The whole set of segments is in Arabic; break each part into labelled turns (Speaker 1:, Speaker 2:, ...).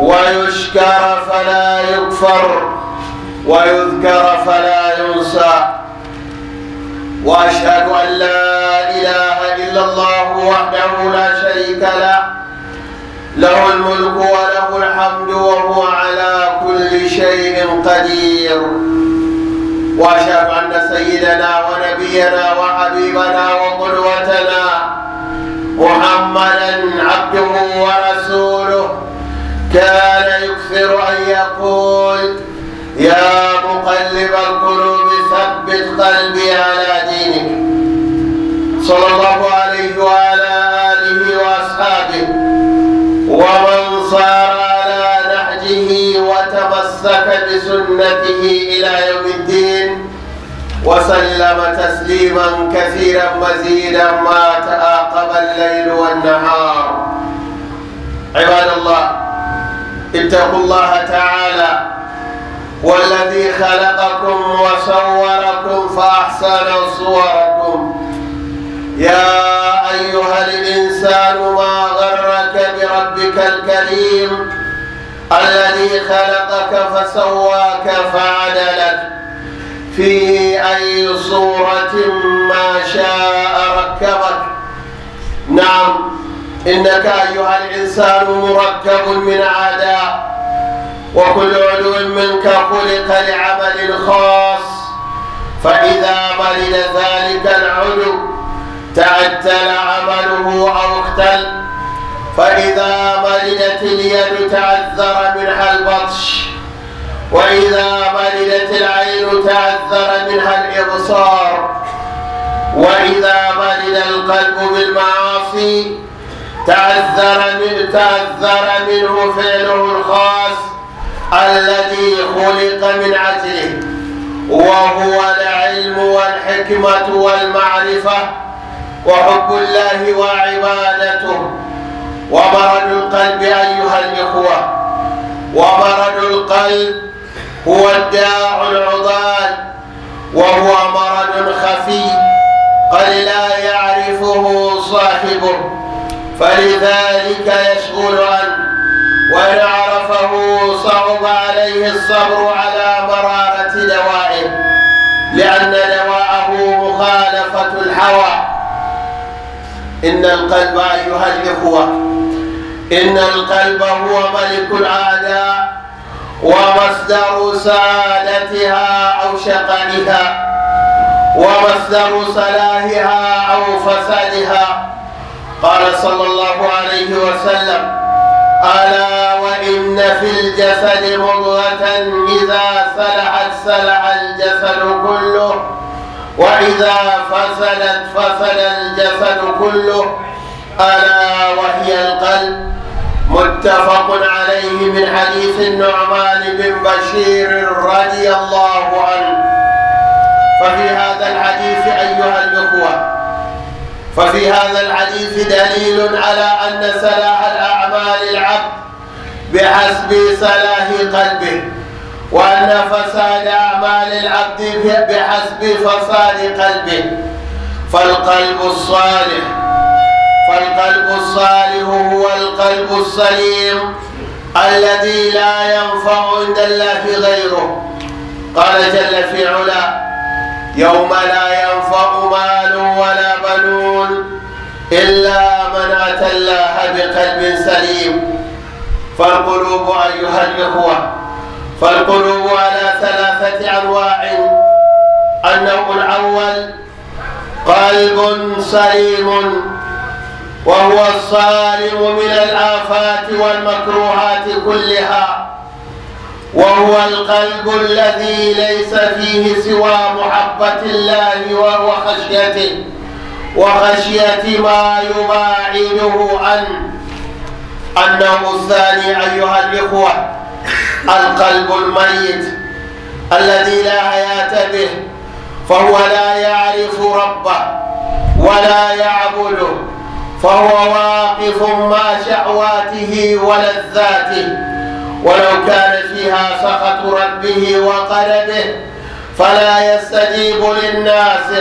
Speaker 1: ويشكر فلا يكفر ويذكر فلا ينسى واشهد ان لا اله الا الله وحده لا شريك له له الملك وله الحمد وهو على كل شيء قدير واشهد ان سيدنا ونبينا وحبيبنا وقدوتنا محمدا عبده ورسوله كان يكثر أن يقول يا مقلب القلوب ثبت قلبي على دينك صلى الله عليه وعلى آله وأصحابه ومن صار على نهجه وتمسك بسنته إلى يوم الدين وسلم تسليما كثيرا مزيدا ما تآقب الليل والنهار عباد الله اتقوا الله تعالى والذي خلقكم وصوركم فأحسن صوركم يا أيها الإنسان ما غرك بربك الكريم الذي خلقك فسواك فعدلك في أي صورة ما شاء إنك أيها الإنسان مركب من عداء وكل علو منك خلق لعمل خاص فإذا مرض ذلك العلو تعتل عمله أو اختل فإذا مرضت اليد تعذر منها البطش وإذا مرضت العين تعذر منها الإبصار وإذا مرض القلب بالمعاصي تأثر تأثر منه فعله الخاص الذي خلق من عجله وهو العلم والحكمة والمعرفة وحب الله وعبادته ومرض القلب أيها الإخوة ومرض القلب هو الداع العضال وهو مرض خفي قد لا يعرفه صاحبه فلذلك يشغل عنه وإن عرفه صعب عليه الصبر على مرارة دوائه لأن دواءه مخالفة الهوى إن القلب أيها الإخوة إن القلب هو ملك الأعداء ومصدر سادتها أو شقائها ومصدر صلاحها أو فسادها قال صلى الله عليه وسلم ألا وإن في الجسد مضغة إذا سلعت سلع الجسد كله وإذا فسدت فسد الجسد كله ألا وهي القلب متفق عليه من حديث النعمان بن بشير رضي الله عنه ففي هذا
Speaker 2: ففي هذا
Speaker 1: الحديث دليل على أن صلاح الأعمال العبد بحسب صلاح قلبه وأن فساد أعمال العبد بحسب فساد قلبه فالقلب الصالح فالقلب الصالح هو القلب السليم الذي لا ينفع عند الله غيره قال جل في علاه يوم لا ينفع مال ولا بنون إلا من أتى الله بقلب سليم فالقلوب أيها الإخوة فالقلوب على ثلاثة أنواع النوع الأول قلب سليم وهو الصارم من الآفات والمكروهات كلها وهو القلب الذي ليس فيه سوى محبة الله وخشيته وخشية ما يباعده عنه أنه الثاني أيها الإخوة القلب الميت الذي لا حياة به فهو لا يعرف ربه ولا يعبده فهو واقف مع شهواته ولذاته ولو كان فيها سخط ربه وقلبه فلا يستجيب للناس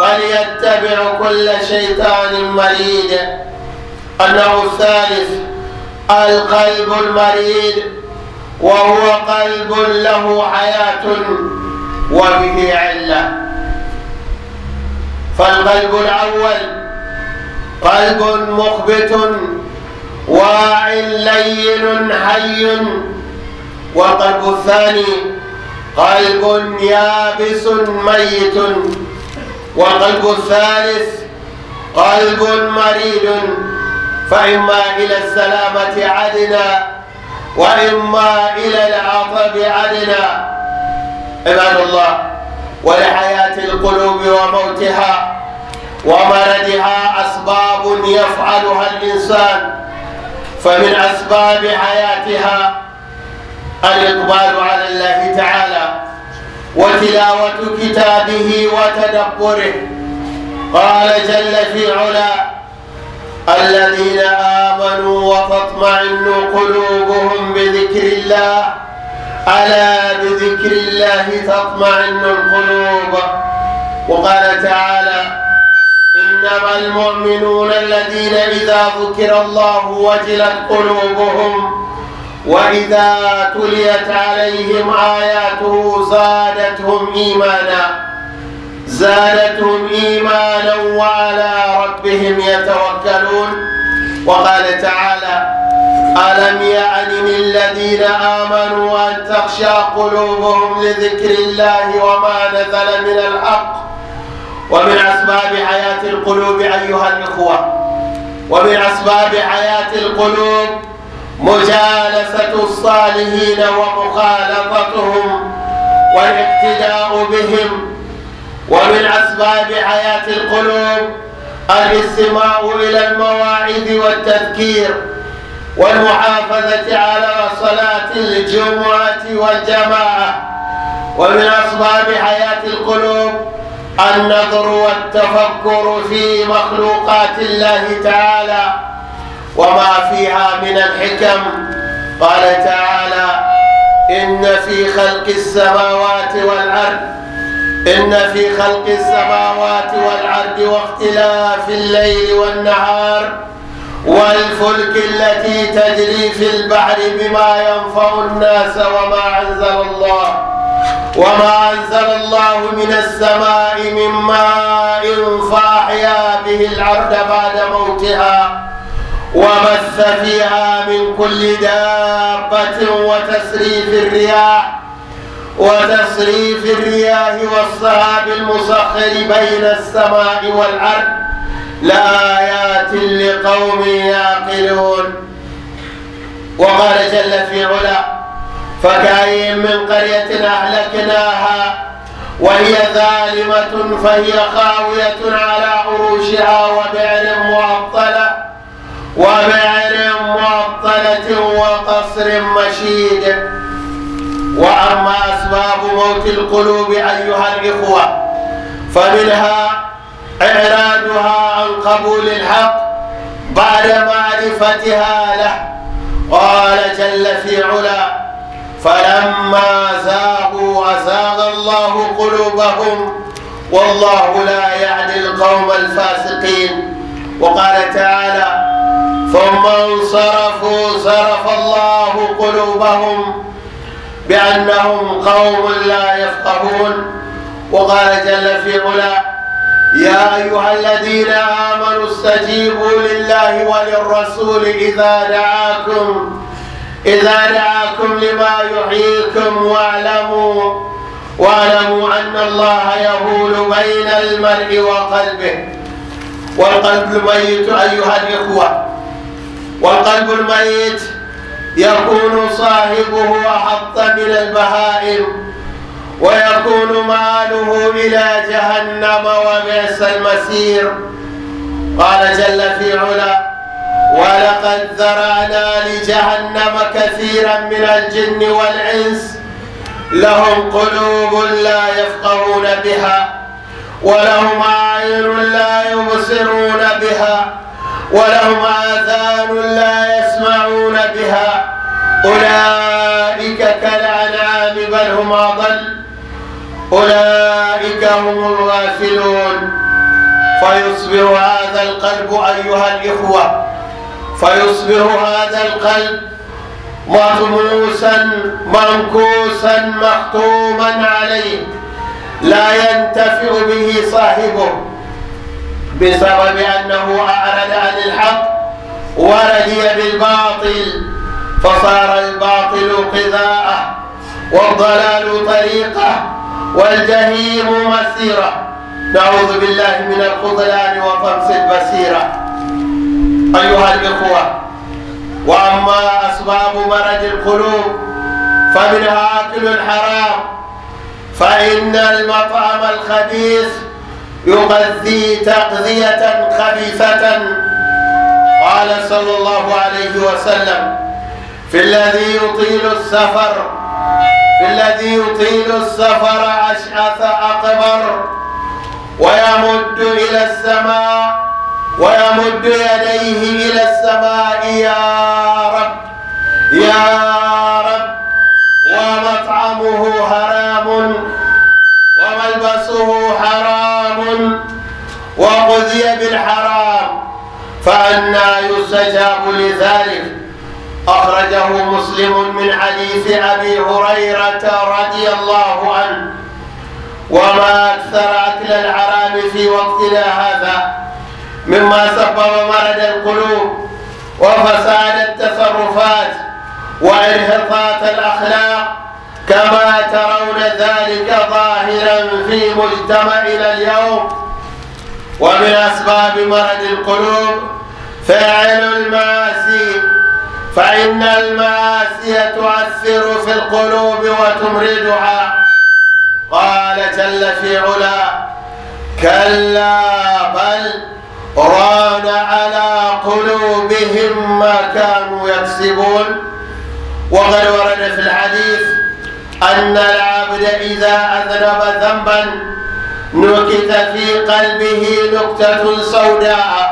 Speaker 1: بل يتبع كل شيطان مريد النوع الثالث القلب المريد وهو قلب له حياة وبه علة فالقلب الأول قلب مخبت واع لين حي وقلب الثاني قلب يابس ميت وقلب الثالث قلب مريض فإما إلى السلامة عدنا وإما إلى العطب عدنا عباد الله
Speaker 2: ولحياة القلوب وموتها
Speaker 1: ومرضها أسباب يفعلها الإنسان فمن أسباب حياتها الإقبال على الله تعالى وتلاوة كتابه وتدبره قال جل في علا الذين آمنوا وتطمئن قلوبهم بذكر الله ألا بذكر الله تطمئن القلوب
Speaker 2: وقال تعالى
Speaker 1: إنما المؤمنون الذين إذا ذكر الله وجلت قلوبهم وإذا تليت عليهم آياته زادتهم إيمانا زادتهم إيمانا وعلى ربهم يتوكلون وقال تعالى ألم يعن للذين آمنوا أن تخشى قلوبهم لذكر الله وما نزل من الحق ومن أسباب حياة القلوب أيها الإخوة ومن أسباب حياة القلوب مجالسة الصالحين ومخالفتهم والاقتداء بهم ومن أسباب حياة القلوب الاستماع إلى المواعيد والتذكير والمحافظة على صلاة الجمعة والجماعة ومن أسباب حياة القلوب النظر والتفكر في مخلوقات الله تعالى وما فيها من الحكم قال تعالى إن في خلق السماوات والأرض إن في خلق السماوات والأرض واختلاف الليل والنهار والفلك التي تجري في البحر بما ينفع الناس وما أنزل الله وما أنزل الله من السماء من ماء فأحيا به الأرض بعد موتها وبث فيها من كل دابة وتسريف الرياح وتسريف الرياح والصهاب المسخر بين السماء والأرض لآيات لقوم يعقلون وقال جل في علا فكاين من قرية أهلكناها وهي ظالمة فهي خاوية على عروشها وبئر معطلة وبئر معطلة وقصر مشيد وأما أسباب موت القلوب أيها الإخوة فمنها إعراضها عن قبول الحق بعد معرفتها له قال جل في علا قلوبهم والله لا يعدي القوم الفاسقين وقال تعالى ثم انصرفوا صرف الله قلوبهم بأنهم قوم لا يفقهون وقال جل في علا يا أيها الذين آمنوا استجيبوا لله وللرسول إذا دعاكم إذا دعاكم لما يحييكم واعلموا واعلموا أن الله يهول بين المرء وقلبه والقلب الميت أيها الإخوة والقلب الميت يكون صاحبه أحط من البهائم ويكون ماله إلى جهنم وبئس المسير قال جل في علا
Speaker 2: ولقد
Speaker 1: ذرانا لجهنم كثيرا من الجن والإنس لهم قلوب لا يفقهون بها ولهم أعين لا يبصرون بها ولهم آذان لا يسمعون بها أولئك كالأنعام بل هم أضل أولئك هم الغافلون فيصبر هذا القلب أيها الإخوة فيصبر هذا القلب مطموسا منكوسا محطوما عليه لا ينتفع به صاحبه بسبب أنه أعرض عن الحق ورضي بالباطل فصار الباطل قذاءه والضلال طريقه والجهيم مسيره نعوذ بالله من الخذلان وطمس البصيره أيها الإخوة وأما أسباب مرض القلوب فمنها أكل الحرام فإن المطعم الخبيث يغذي تغذية خبيثة قال صلى الله عليه وسلم في الذي يطيل السفر في الذي يطيل السفر أشعث أقبر ويمد إلى السماء ويمد يديه إلى السماء يا يستجاب لذلك أخرجه مسلم من حديث أبي هريرة رضي الله عنه وما أكثر أكل الحرام في وقتنا هذا مما سبب مرض القلوب وفساد التصرفات وانحطاط الأخلاق كما ترون ذلك ظاهرا في مجتمعنا اليوم ومن أسباب مرض القلوب فعل المعاصي فإن المعاصي تؤثر في القلوب وتمردها قال جل في علا كلا بل ران على قلوبهم ما كانوا يكسبون وقد ورد في الحديث أن العبد إذا أذنب ذنبا نكت في قلبه نكتة سوداء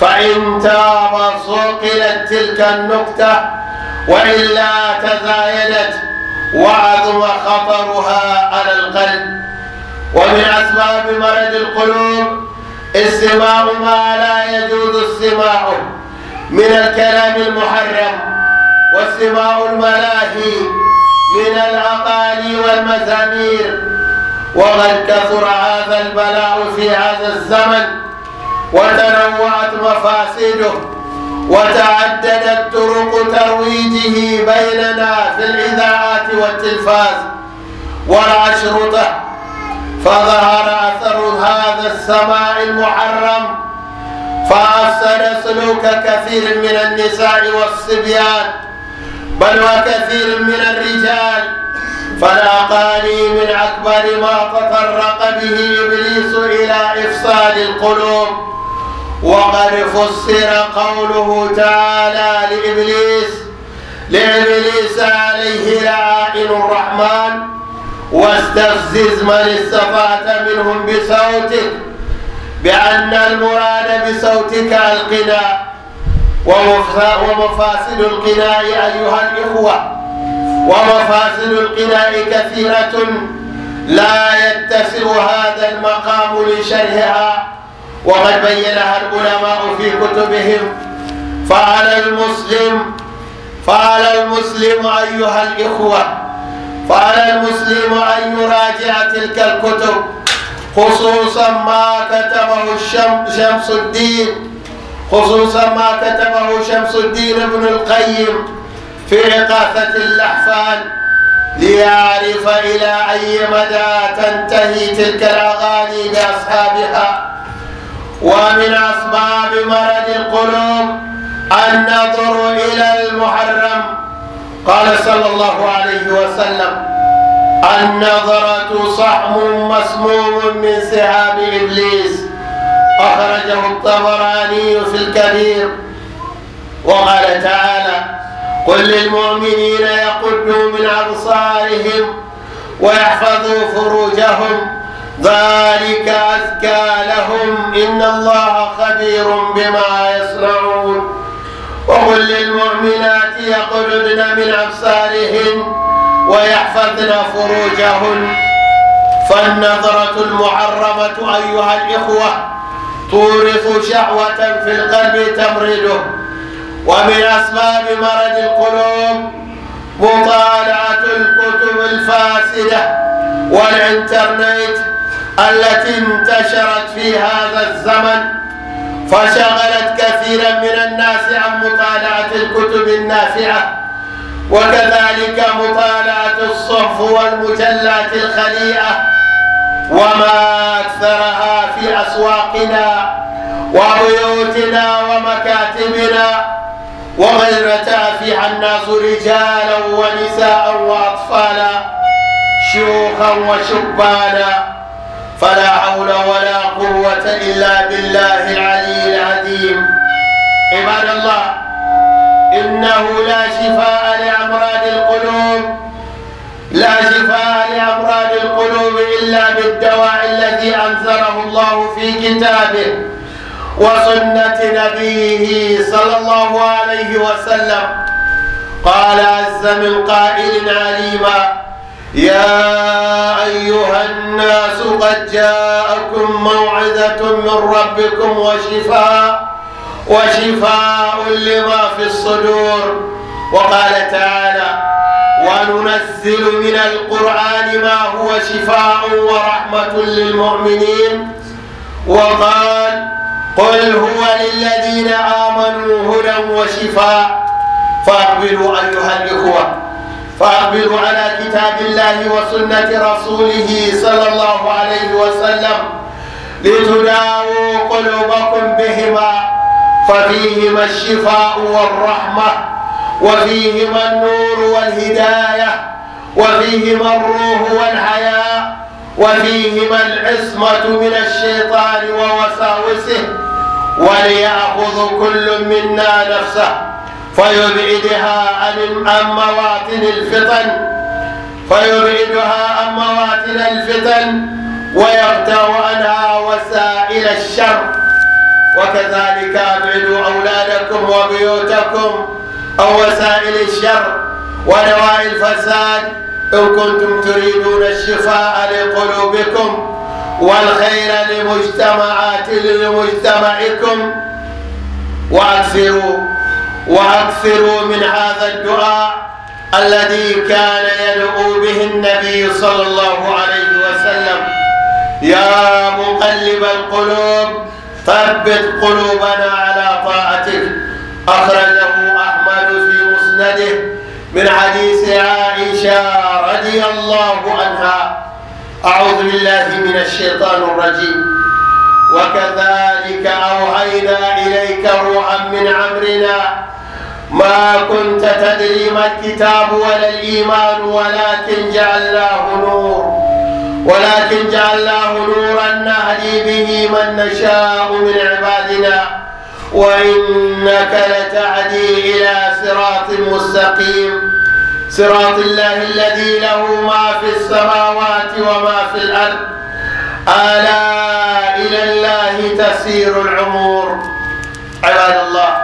Speaker 1: فإن تاب صقلت تلك النكتة وإلا تزايدت وعظم خطرها على القلب ومن أسباب مرض القلوب استماع ما لا يجوز استماعه من الكلام المحرم واستماع الملاهي من الأقالي والمزامير وقد كثر هذا البلاء في هذا الزمن وتنوعت مفاسده وتعددت طرق ترويجه بيننا في الإذاعات والتلفاز والأشرطة فظهر أثر هذا السماء المحرم فأفسد سلوك كثير من النساء والصبيان بل وكثير من الرجال فلاقاني من أكبر ما تطرق به إبليس إلى إفصال القلوب وقد فسر قوله تعالى لإبليس لإبليس عليه لعائن الرحمن واستفزز من استفات منهم بصوتك بأن المراد بصوتك القناع ومفاسد القناع أيها الإخوة ومفاسد القناع كثيرة لا يتسع هذا المقام لشرحها
Speaker 2: وقد بينها
Speaker 1: العلماء في كتبهم فعلى المسلم فعلى المسلم أيها الإخوة فعلى المسلم أن يراجع تلك الكتب خصوصا ما كتبه شمس الدين خصوصا ما كتبه شمس الدين ابن القيم في إغاثة الأحفاد ليعرف إلى أي مدى تنتهي تلك الأغاني بأصحابها ومن أسباب مرض القلوب النظر إلى المحرم قال صلى الله عليه وسلم النظرة صحم مسموم من سحاب إبليس أخرجه الطبراني في الكبير وقال تعالى قل للمؤمنين يقدوا من أبصارهم ويحفظوا فروجهم ذلك ويحفظن فروجهن فالنظرة المحرمة أيها الإخوة تورث شهوة في القلب تمرده ومن أسباب مرض القلوب مطالعة الكتب الفاسدة والإنترنت التي انتشرت في هذا الزمن فشغلت كثيرا من الناس عن مطالعة الكتب النافعة وكذلك مطالعة الصحف والمجلات الخليئة وما أكثرها في أسواقنا وبيوتنا ومكاتبنا وغير تافي الناس رجالا ونساء وأطفالا شيوخا وشبانا فلا حول ولا قوة إلا بالله العلي العظيم عباد الله إنه لا شفاء إلا بالدواء الذي أنزله الله في كتابه وسنة نبيه صلى الله عليه وسلم قال عز من قائل عليما يا أيها الناس قد جاءكم موعظة من ربكم وشفاء وشفاء لما في الصدور وقال تعالى وننزل من القرآن ما هو شفاء ورحمة للمؤمنين وقال قل هو للذين آمنوا هدى وشفاء فأقبلوا أيها الإخوة فأقبلوا على كتاب الله وسنة رسوله صلى الله عليه وسلم لتداووا قلوبكم بهما ففيهما الشفاء والرحمه وفيهما النور والهداية وفيهما الروح والحياء وفيهما العصمة من الشيطان ووساوسه وليأخذ كل منا نفسه فيبعدها عن مواطن الفتن فيبعدها عن مواطن الفتن ويقطع عنها وسائل الشر وكذلك أبعدوا أولادكم وبيوتكم أو وسائل الشر ودواء الفساد إن كنتم تريدون الشفاء لقلوبكم والخير لمجتمعات لمجتمعكم وأكثروا وأكثروا من هذا الدعاء الذي كان يدعو به النبي صلى الله عليه وسلم يا مقلب القلوب ثبت قلوبنا على طاعتك أخرجه أحمد مسنده من حديث عائشة رضي الله عنها أعوذ بالله من الشيطان الرجيم وكذلك أوحينا إليك روحا من عمرنا ما كنت تدري ما الكتاب ولا الإيمان ولكن جعلناه نور ولكن جعلناه نورا نهدي به من نشاء من عبادنا وإنك لتعدي إلى صراط مستقيم صراط الله الذي له ما في السماوات وما في الأرض ألا إلى الله تسير العمور عباد الله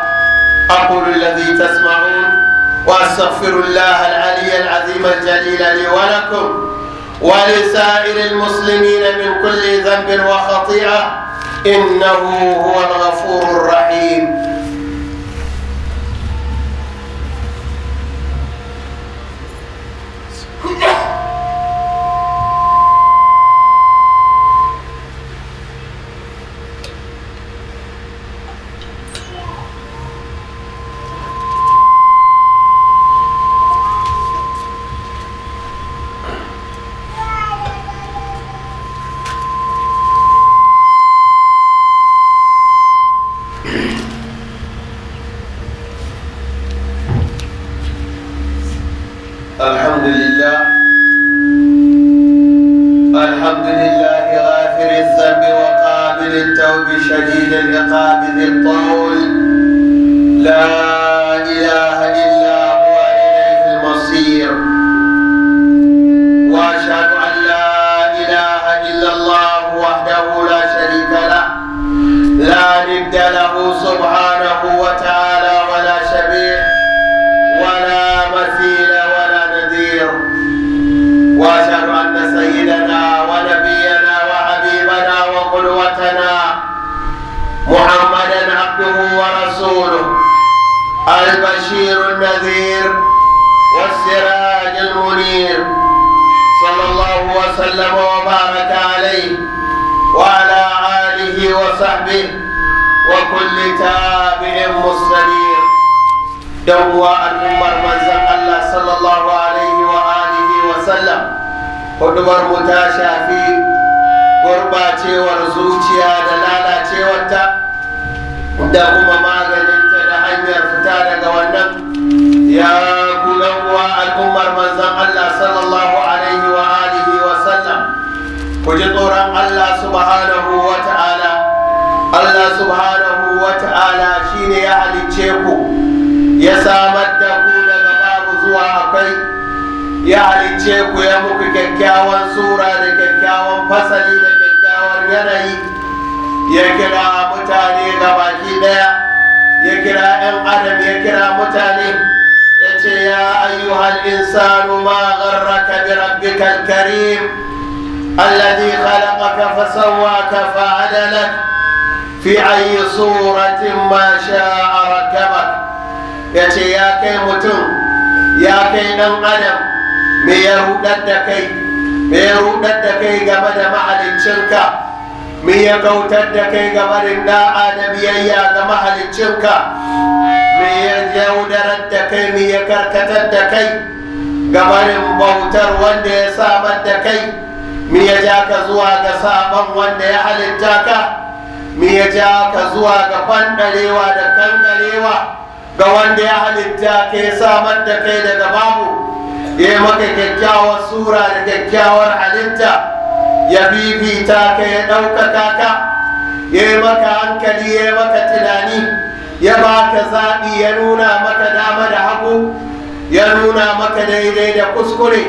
Speaker 1: أقول الذي تسمعون وأستغفر الله العلي العظيم الجليل لي ولكم ولسائر المسلمين من كل ذنب وخطيئة إنه هو الغفور الرحيم وكل تابع مستنير دوا عمر من زم الله صلى الله عليه وآله وسلم قدمر متاشا في قربة ورزوتيا دلالة وتا دهما ماغن انت دهنيا فتانا قواندك يا قدوا عمر من زم الله صلى الله عليه وآله وسلم قدمر الله سبحانه وتعالى الله سبحانه ya samar da ku daga babu zuwa akwai ya halicce ku ya muku kyakkyawan sura da kyakkyawan fasali da kyakkyawan yanayi ya kira mutane ga baki daya ya kira 'yan adam ya kira mutane ya ce ya ayyuhal insanu ma gharraka bi rabbikal karim الذي خلقك فسواك فعدلك في أي صورة ما شاء ya ce ya kai mutum ya kai ɗan adam me ya rudar da kai me ya rudar da kai game da mahalicinka me ya kautar da kai game da da'a da biyayya ga mahalicinka me ya yaudar da kai me ya karkatar da kai gabarin bautar wanda ya samar da kai me ya ja ka zuwa ga sabon wanda ya halitta ka me ya ja ka zuwa ga fandarewa da kangarewa ga wanda ya halitta ke samar da kai daga babu ya maka kyakkyawar sura da kyakkyawar halitta ya bibita ka ya ɗaukaka ka ya maka hankali ya maka tunani ya baka zaɓi ya nuna maka dama da hagu ya nuna maka daidai da kuskure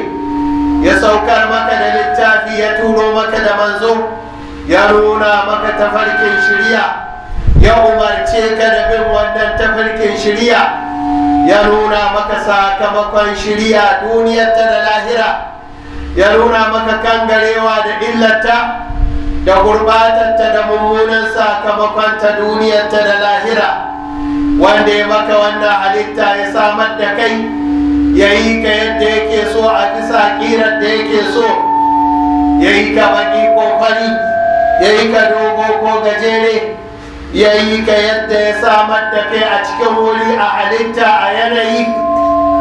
Speaker 1: ya saukar maka da littafi ya turo maka da manzo ya nuna maka tafarkin shirya ya umarce ka da bin wannan tafarkin shirya ya nuna maka sakamakon shirya duniyarta da lahira ya nuna maka kangarewa da illata da gurbatanta da mummunan sakamakonta duniyarta da lahira wanda ya maka wannan halitta ya samar da kai ya yi ka yadda yake so a bisa ƙirar da yake so ya yi ka baƙi ko fari ya yi ka dogo ko gajere ya yi ka yadda ya samar da kai a cikin wuri a halitta a yanayi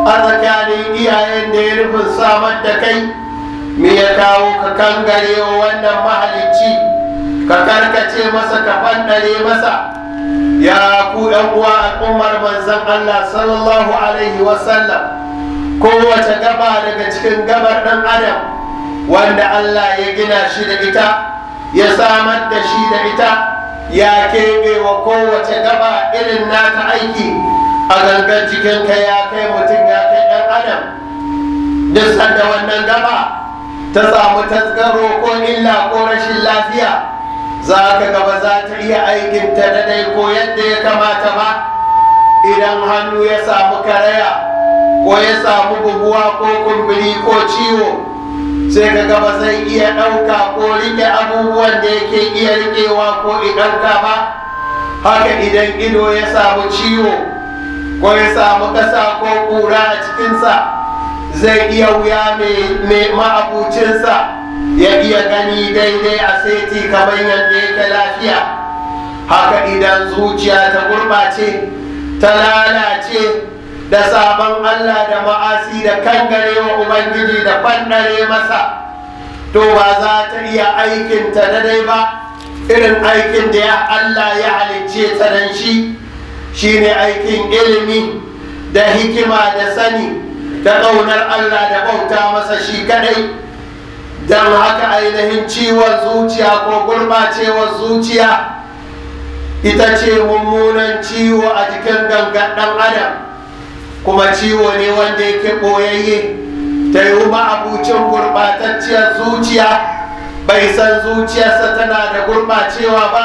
Speaker 1: a tsakanin iyayen da ya rufin samar da kai me ya kawo ka kangare wannan mahalicci ka karkace masa ka fandare masa ya ku yan uwa al'ummar manzon Allah sallallahu alaihi wasallam kowace gaba daga cikin gabar ɗan adam wanda Allah ya gina shi da ita ya samar da shi da ita ya keɓe wa kowace gaba irin nata aiki a gangan jikinka ya kai mutum ya kai ɗan adam duk sanda wannan gaba ta samu tasgaro ko illa ko rashin lafiya za ka gaba za ta iya aikinta na dai ko yadda ya kamata ba idan hannu ya samu karaya ko ya samu buguwa ko kumburi ko ciwo sai ka gaba zai iya ɗauka ko riƙe abubuwan da yake iya riƙewa ko ɗauka ba haka idan ido ya samu ciwo ko ya samu ƙasa ko ƙura a cikinsa zai iya wuya mai ma'abucinsa ya iya gani daidai a seti kamar yadda yake lafiya haka idan zuciya ta gurɓace ta lalace da sabon Allah da ma'asi da kangare wa Ubangiji da fannare masa to ba za ta iya aikin ta na dai ba irin aikin da ya Allah ya halicce ta dan shi shine aikin ilimi da hikima da sani da ƙaunar Allah da bauta masa shi kadai don haka ainihin ciwon zuciya ko gurɓacewar zuciya ita ce mummunan ciwo a jikin gangan ɗan adam kuma ciwo ne wanda yake ɓoyayye ta yi ma'abucin gurɓatacciyar zuciya bai san zuciyarsa tana da gurɓacewa ba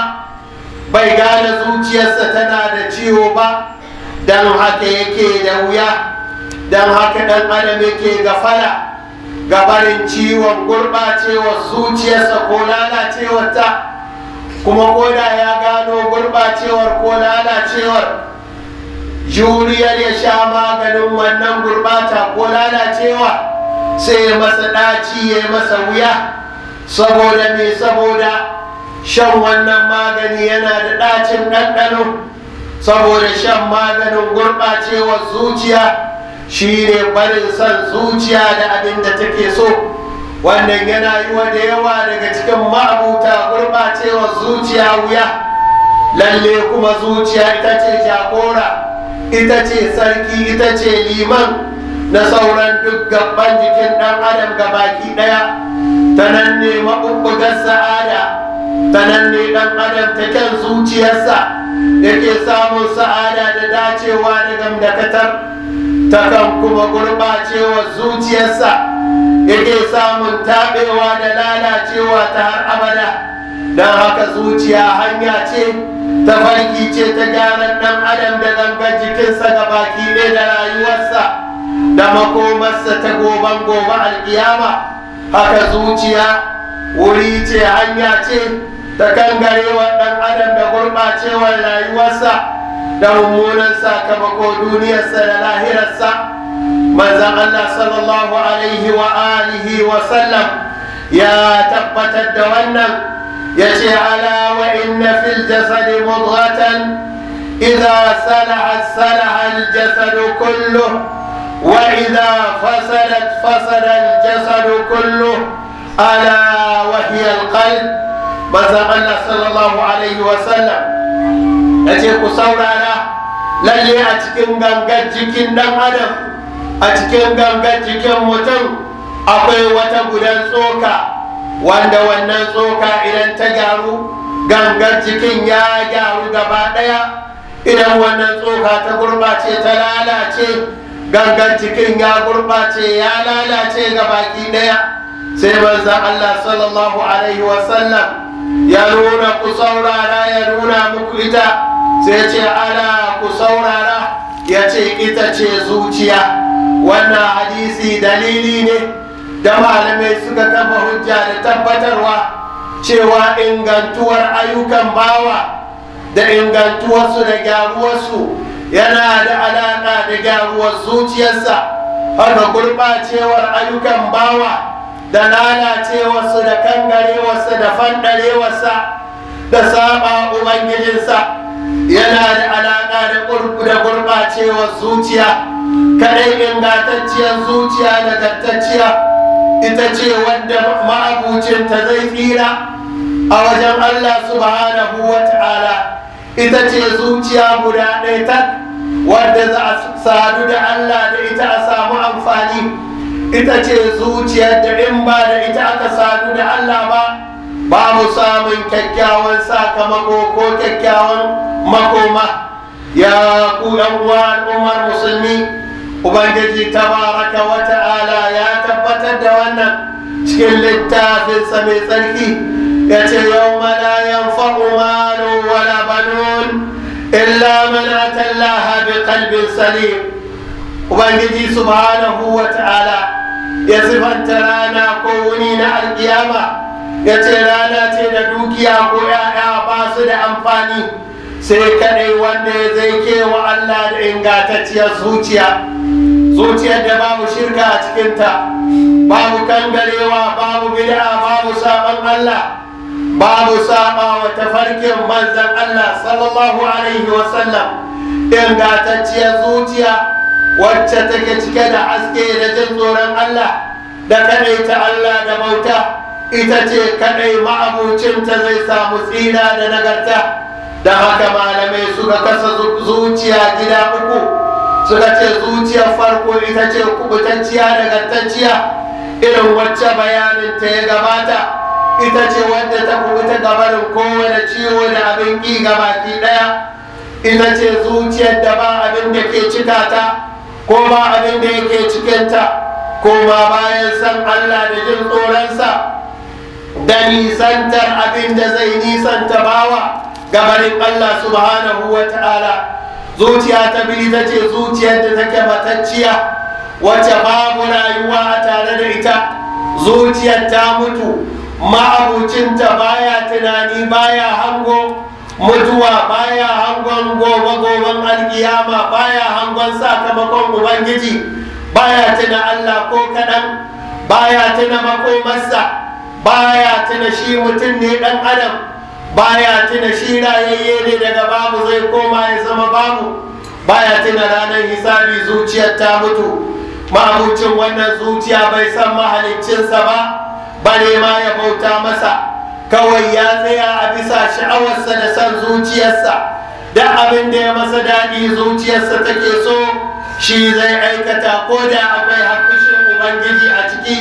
Speaker 1: bai gane zuciyarsa tana da ciwo ba don haka yake da wuya don haka ɗan adam yake gafara gabarin ciwon gurɓacewar zuciyarsa ko lalacewarta kuma koda ya gano gurɓacewar ko lalacewar juriyar ya sha maganin wannan gurbata ko lalacewa sai ya masa ɗaci ya masa wuya saboda mai saboda shan wannan magani yana da ɗacin ɗanɗano saboda shan maganin gurɓacewar zuciya shi ne barin son zuciya da abin da take so wannan yana yi wa da yawa daga cikin ma'abuta gurɓacewar zuciya wuya lalle kuma zuciya ita ce jagora ita ce sarki ita ce liman na sauran duk gaban jikin ɗan adam ga baki ɗaya ta nan ne maɓuɓɓugar sa'ada ta nan ne ɗan adam ta kyan zuciyarsa yake samun sa'ada da dacewa da gamdakatar ta kan kuma gurɓacewa zuciyarsa yake samun taɓewa da lalacewa ta har abada don haka zuciya hanya ce ta farki ce ta gane ɗan adam da zangar jikinsa ga baki ne da rayuwarsa da makomarsa ta goban gobe alkiyama haka zuciya wuri ce hanya ce ta kangarewar ɗan adam da gurɓacewar rayuwarsa da mummunan sakamako duniyarsa da lahirarsa manzan Allah sallallahu alaihi wa alihi wa sallam ya tabbatar da wannan يتي على وإن في الجسد مضغة إذا سلعت سلع الجسد كله وإذا فسدت فسد الجسد كله ألا وهي القلب ماذا الله صلى الله عليه وسلم يتي كسورنا lalle a cikin gangar jikin dan adam a cikin gangar jikin mutum akwai wanda wannan tsoka idan ta gyaru gangar jikin ya gyaru gaba ɗaya idan wannan tsoka ta gurɓace ta lalace gangar jikin ya gurɓace ya lalace baki ɗaya sai manzan Allah sallallahu alaihi wasallam ya nuna ku saurara ya nuna muku ita sai ce ana ku saurara ya ce ita ce zuciya wannan hadisi dalili ne da malamai suka kafa hujja da tabbatarwa cewa ingantuwar ayyukan bawa da ingantuwarsu da gyaruwarsu yana da alaƙa da gyaruwar zuciyarsa haka gurɓacewar ayyukan bawa da lalacewarsu da kangarewarsa da fanɗarewarsa da saba ubangijinsa yana da alaƙa da gurɓacewar zuciya kaɗai ingantacciyar zuciya da tattacciya ita ce wadda ma'abucinta zai tsira a wajen Allah subhanahu wa ta'ala ita ce zuciya guda ɗaya ta wadda za a sadu da Allah da ita a samu amfani ita ce zuciyar da in ba da ita aka sadu da Allah ba babu samun kyakkyawan sakamako ko kyakkyawan makoma ya ku yan uwa al'ummar musulmi ubangiji tabaraka wa ta'ala ya aljanna cikin littafinsa mai tsarki ya ce yau mana yan fa'umaru wala banun illa mana tallaha bi kalbin salim ubangiji subhanahu wa ta'ala ya sifanta rana ko wuni na alkiyama ya ce rana ce da dukiya ko ya'ya ba su da amfani sai kadai wanda ya zai kewa allah da ingantacciyar zuciya zuciyar da babu shirka a cikinta babu kangarewa babu bid'a babu sabon Allah babu saba wa tafarkin manzan Allah sallallahu alaihi wasallam ingantacciyar zuciya wacce take cike da haske da jin tsoron Allah da kaɗaita Allah da bauta ita ce kaɗai ma'abucinta zai samu tsira da nagarta da haka malamai suka kasa zuciya gida uku suka ce zuciyar farko ita ce kubutacciya gantacciya irin wacce bayanin ta ya gabata ita ce wadda ta kubuta gabarin kowane ciwo da abin ƙi gabaki ɗaya ita ce zuciyar da ba abin da ke cika ta ko ba abin da yake cikinta ko ba bayan san allah da jin tsoronsa da nisantar abin da zai nisanta bawa gabarin allah subhanahu wa ta'ala zuciya ta biyu ita ce zuciyar da take matacciya wacce babu rayuwa a tare da ita zuciyar ta mutu ma'abucinta baya tunani baya hango mutuwa baya hangon gobe-goben alkiyama baya hangon sakamakon ubangiji baya tuna allah ko kaɗan baya tuna makomarsa baya tuna shi mutum ne ɗan adam baya tuna shi rayayye ne daga babu zai koma ya zama babu baya tuna ranar hisabi zuciyar ta mutu ma'abucin wannan zuciya bai san mahaliccinsa ba bare ma ya bauta masa kawai ya tsaya a bisa sha'awarsa da san zuciyarsa da abin da ya masa daɗi zuciyarsa take so shi zai aikata ko da akwai haƙƙishin ubangiji a ciki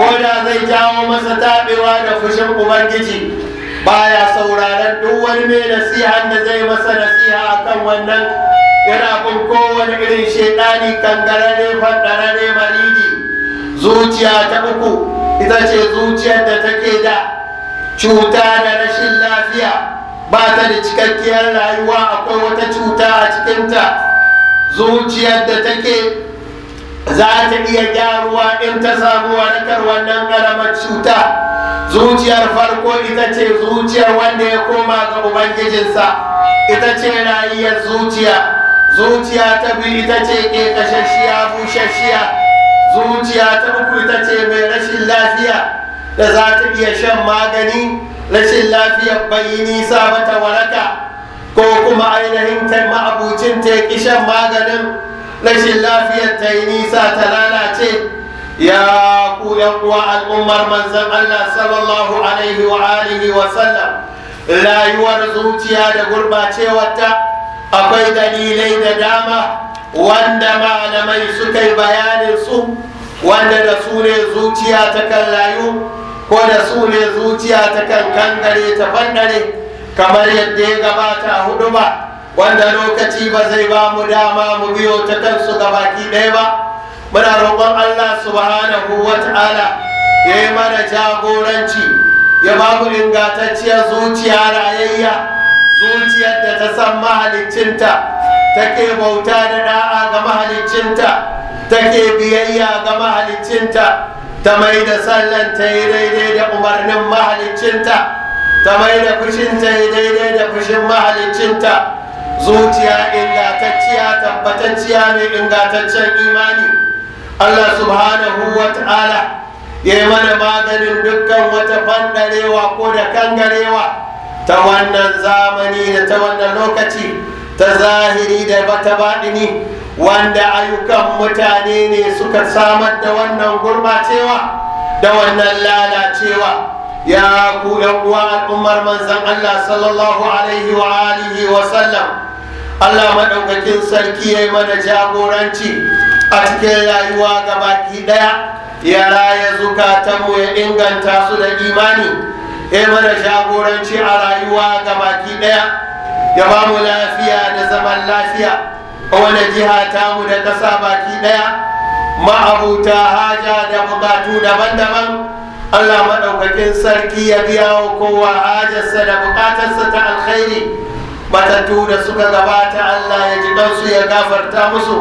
Speaker 1: ko da zai jawo masa taɓewa da fushin ubangiji baya sauraron duk wani mai nasihan da zai masa nasiha akan wannan yana bin kowane irin shaidani kangarare fadarare maridi zuciya ta uku ita ce zuciyar da take da cuta da rashin lafiya ba ta da cikakkiyar rayuwa akwai wata cuta a cikinta zuciyar da take za ta iya gyaruwa in ta samu warkar wannan karamar cuta zuciyar farko ita ce zuciyar wanda ya koma ga ubangijinsa ita ce rayuwar zuciya zuciya ta biyu ita ce ke kashashiya bushashiya zuciya ta uku ita ce mai rashin lafiya da za ta iya shan magani rashin lafiyar bai nisa mata waraka ko kuma ainihin ta ma'abucin ta ya shan maganin rashin lafiyar ta yi nisa ta lalace ya ku yan uwa al'ummar manzan Allah sallallahu alaihi wa alihi wa sallam rayuwar zuciya da gurbacewarta akwai dalilai da dama wanda malamai suka yi bayanin su wanda da su ne zuciya ta kan rayu ko da su ne zuciya ta kan kankare ta fandare kamar yadda ya gabata a hudu ba wanda lokaci ba zai ba mu dama mu biyo ta kansu gabaki ɗaya ba muna roƙon Allah subhanahu wa ta'ala ya yi mana jagoranci ya ba mu ingantacciyar zuciya rayayya zuciyar da ta san mahaliccinta take bauta da da'a ga mahaliccinta take biyayya ga mahaliccinta ta mai da sallan ta yi daidai da umarnin mahaliccinta ta mai da fushin ta yi daidai da fushin mahaliccinta zuciya ingantacciya tabbatacciya mai ingantaccen imani Allah subhanahu wa ta'ala ya mana maganin dukkan wata bandarewa ko da kangarewa ta wannan zamani da ta wannan lokaci ta zahiri da bata baɗini wanda ayyukan mutane ne suka samar da wannan gurbacewa da wannan lalacewa ya ku uwa al'ummar manzan Allah sallallahu alaihi wa alihi wa sallam Allah maɗaukakin sarki ya mana jagoranci a cikin rayuwa gabaki daya ya raya zukatanmu ya inganta su da imani ya mana jagoranci a rayuwa gabaki daya ya ba mu lafiya da zaman lafiya a wani jiha tamu da ƙasa baki daya
Speaker 2: ma'abuta haja
Speaker 1: da bukatu daban-daban allah maɗaukakin sarki ya biya wa kowa hajarsa da bukatarsa ta alkhairi matattu da suka gabata allah ya ji kansu ya gafarta musu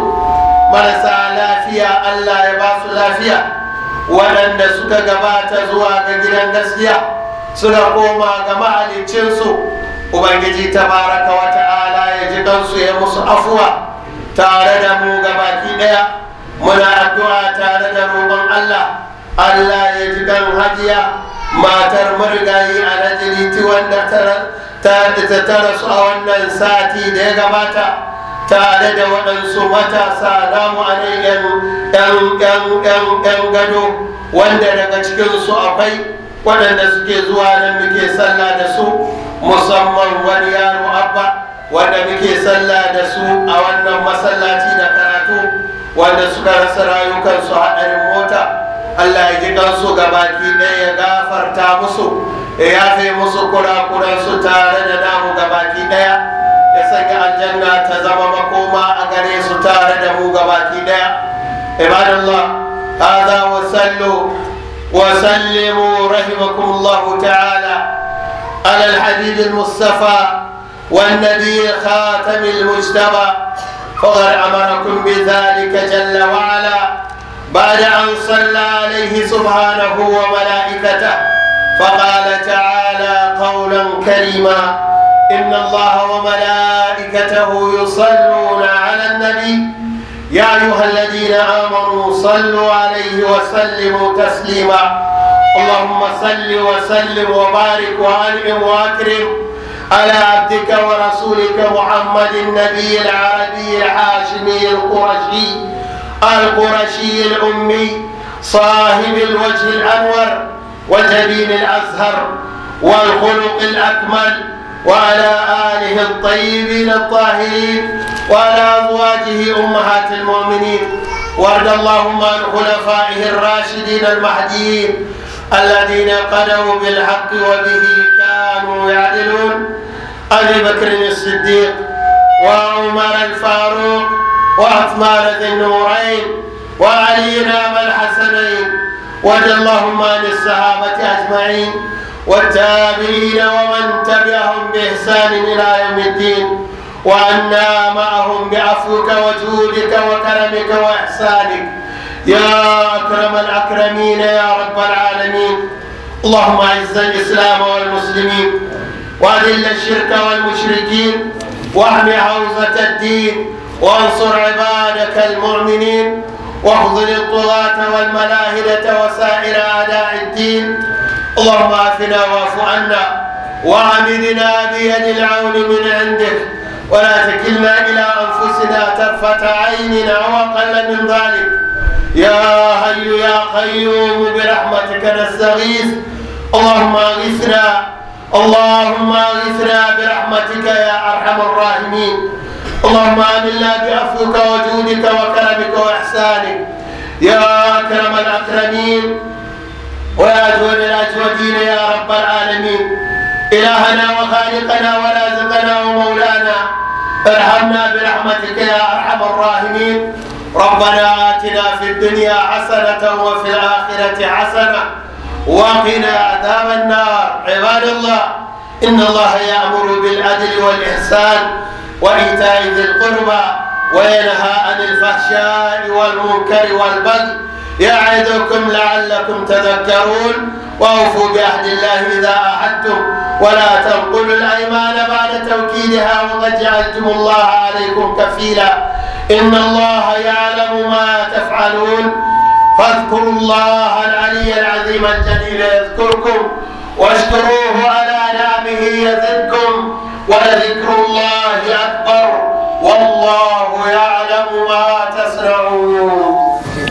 Speaker 1: marasa lafiya Allah ya ba su lafiya waɗanda suka gabata zuwa ga gidan gaskiya suka koma ga mahalicinsu ubangiji tabaraka wa ta'ala ya ji kansu ya musu afuwa tare da mu gabaki ɗaya muna addu'a tare da roƙon Allah Allah ya ji kan hajiya matar marigayi a najiri wanda ta rasu a wannan sati da ya gabata tare da waɗansu matasa damu a yan gado wanda daga cikinsu akwai waɗanda suke zuwa nan muke sallah da su musamman wani yaro abba wanda muke sallah da su a wannan masallaci da karatu wanda suka rasa rayukansu haɗarin mota allah ya ji kansu gabaki ɗaya ya gafarta musu ya fi musu kurakuransu tare da namu gabaki ɗaya daga aljanna ta zama makoma a gare su tare da mu gabaki daya ibadallah هذا وسلوا وسلموا رحمكم الله تعالى على الحبيب المصطفى والنبي خاتم المجتبى فقد امركم بذلك جل وعلا بعد ان صلى عليه سبحانه وملائكته فقال تعالى قولا كريما إن الله وملائكته يصلون على النبي يا أيها الذين آمنوا صلوا عليه وسلموا تسليما اللهم صل وسلم وبارك وأنعم وأكرم على عبدك ورسولك محمد النبي العربي الحاشمي القرشي القرشي الأمي صاحب الوجه الأنور والجبين الأزهر والخلق الأكمل وعلى آله الطيبين الطاهرين وعلى أزواجه أمهات المؤمنين وارض اللهم عن خلفائه الراشدين المهديين الذين قدموا بالحق وبه كانوا يعدلون أبي بكر الصديق وعمر الفاروق وعثمان ذي النورين وعلي نام الحسنين وارض اللهم عن الصحابة أجمعين والتابعين ومن تبعهم بإحسان إلى يوم الدين وعنا معهم بعفوك وجودك وكرمك وإحسانك يا أكرم الأكرمين يا رب العالمين اللهم أعز الإسلام والمسلمين وأذل الشرك والمشركين واحم حوزة الدين وانصر عبادك المؤمنين واخذل الطغاة والملاهدة وسائر أعداء الدين اللهم عافنا واعف عنا وعمدنا بيد العون من عندك ولا تكلنا إلى أنفسنا طرفة عين أو أقل من ذلك يا حي يا قيوم برحمتك نستغيث اللهم اغثنا اللهم اغثنا برحمتك يا أرحم الراحمين اللهم آمنا بعفوك وجودك وكرمك وإحسانك يا أكرم الأكرمين إلهنا وخالقنا ورازقنا ومولانا ارحمنا برحمتك يا أرحم الراحمين ربنا آتنا في الدنيا حسنة وفي الآخرة حسنة وقنا عذاب النار عباد الله إن الله يأمر بالعدل والإحسان وإيتاء ذي القربى وينهى عن الفحشاء والمنكر والبغي يعظكم لعلكم تذكرون وأوفوا بعهد الله إذا أعدتم ولا تنقلوا الأيمان بعد توكيدها وقد جعلتم الله عليكم كفيلا إن الله يعلم ما تفعلون فاذكروا الله العلي العظيم الجليل يذكركم واشكروه على نعمه يزدكم ولذكر الله